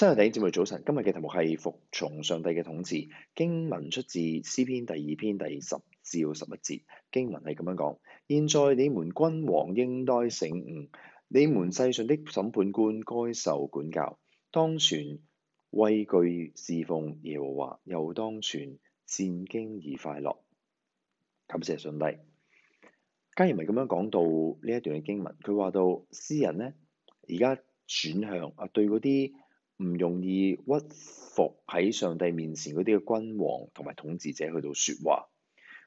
弟兄姊妹早晨，今日嘅題目係服從上帝嘅統治。經文出自詩篇第二篇第十至十一節。經文係咁樣講：現在你們君王應該醒悟，你們世上的審判官該受管教，當存畏懼事奉耶和華，又當存戰兢而快樂。感謝上帝。加爾文咁樣講到呢一段嘅經文，佢話到詩人呢，而家轉向啊，對嗰啲唔容易屈服喺上帝面前嗰啲嘅君王同埋統治者去到說話，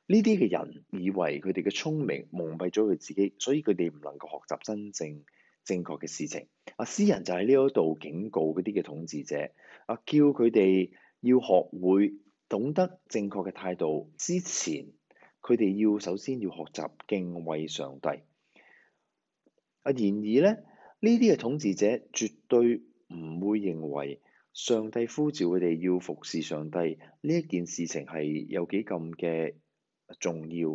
呢啲嘅人以為佢哋嘅聰明蒙蔽咗佢自己，所以佢哋唔能夠學習真正正確嘅事情。啊，詩人就喺呢一度警告嗰啲嘅統治者，啊，叫佢哋要學會懂得正確嘅態度之前，佢哋要首先要學習敬畏上帝。啊，然而咧，呢啲嘅統治者絕對。會認為上帝呼召佢哋要服侍上帝呢一件事情係有幾咁嘅重要。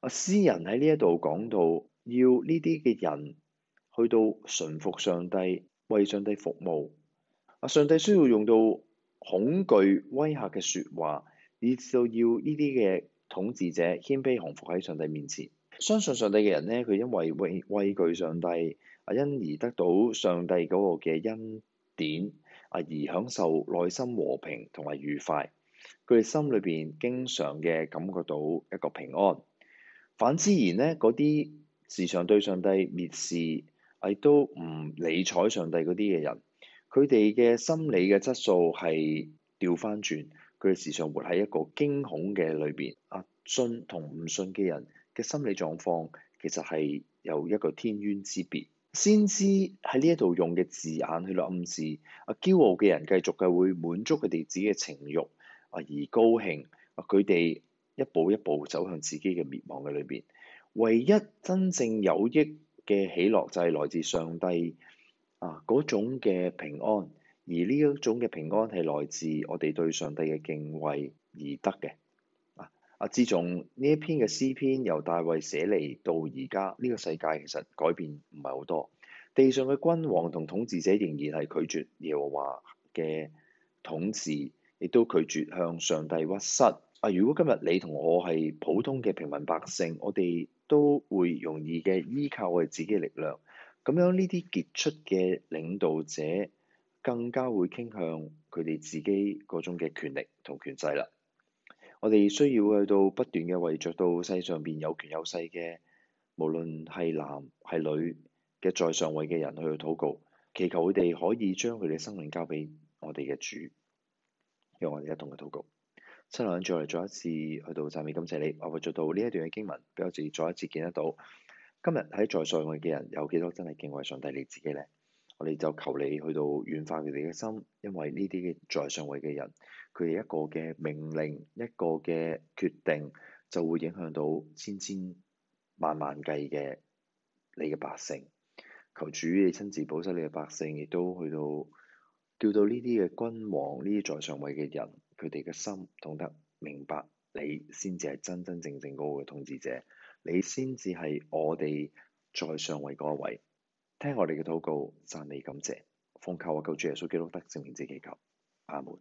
啊，詩人喺呢一度講到要呢啲嘅人去到順服上帝，為上帝服務。啊，上帝需要用到恐懼威嚇嘅説話，以致到要呢啲嘅統治者謙卑降服喺上帝面前。相信上帝嘅人呢，佢因為畏畏懼上帝，啊，因而得到上帝嗰個嘅恩。點啊而享受內心和平同埋愉快，佢哋心裏邊經常嘅感覺到一個平安。反之然呢，嗰啲時常對上帝蔑視啊亦都唔理睬上帝嗰啲嘅人，佢哋嘅心理嘅質素係調翻轉，佢哋時常活喺一個驚恐嘅裏邊。啊，信同唔信嘅人嘅心理狀況其實係有一個天淵之別。先知喺呢一度用嘅字眼去嚟暗示，阿驕傲嘅人繼續嘅會滿足佢哋自己嘅情慾啊，而高興啊，佢哋一步一步走向自己嘅滅亡嘅裏邊。唯一真正有益嘅喜樂就係來自上帝啊嗰種嘅平安，而呢一種嘅平安係來自我哋對上帝嘅敬畏而得嘅。啊！自從呢一篇嘅詩篇由大衛寫嚟到而家，呢個世界其實改變唔係好多。地上嘅君王同統治者仍然係拒絕耶和華嘅統治，亦都拒絕向上帝屈膝。啊！如果今日你同我係普通嘅平民百姓，我哋都會容易嘅依靠我哋自己嘅力量。咁樣呢啲傑出嘅領導者更加會傾向佢哋自己嗰種嘅權力同權勢啦。我哋需要去到不斷嘅為着到世上邊有權有勢嘅，無論係男係女嘅在上位嘅人去禱告，祈求佢哋可以將佢哋生命交俾我哋嘅主，讓我哋一同嘅禱告。親愛再嚟再一次去到讚美感謝你，我會做到呢一段嘅經文，俾我哋再一次見得到，今日喺在，在上位嘅人有幾多真係敬畏上帝你自己呢？我哋就求你去到軟化佢哋嘅心，因為呢啲嘅在上位嘅人，佢哋一個嘅命令，一個嘅決定，就會影響到千千萬萬計嘅你嘅百姓。求主你親自保守你嘅百姓，亦都去到叫到呢啲嘅君王，呢啲在上位嘅人，佢哋嘅心懂得明白你先至係真真正正嗰個統治者，你先至係我哋在上位嗰一位。聽我哋嘅禱告，讚你感謝，奉靠我、啊、救主耶穌基督得勝名字祈求，阿門。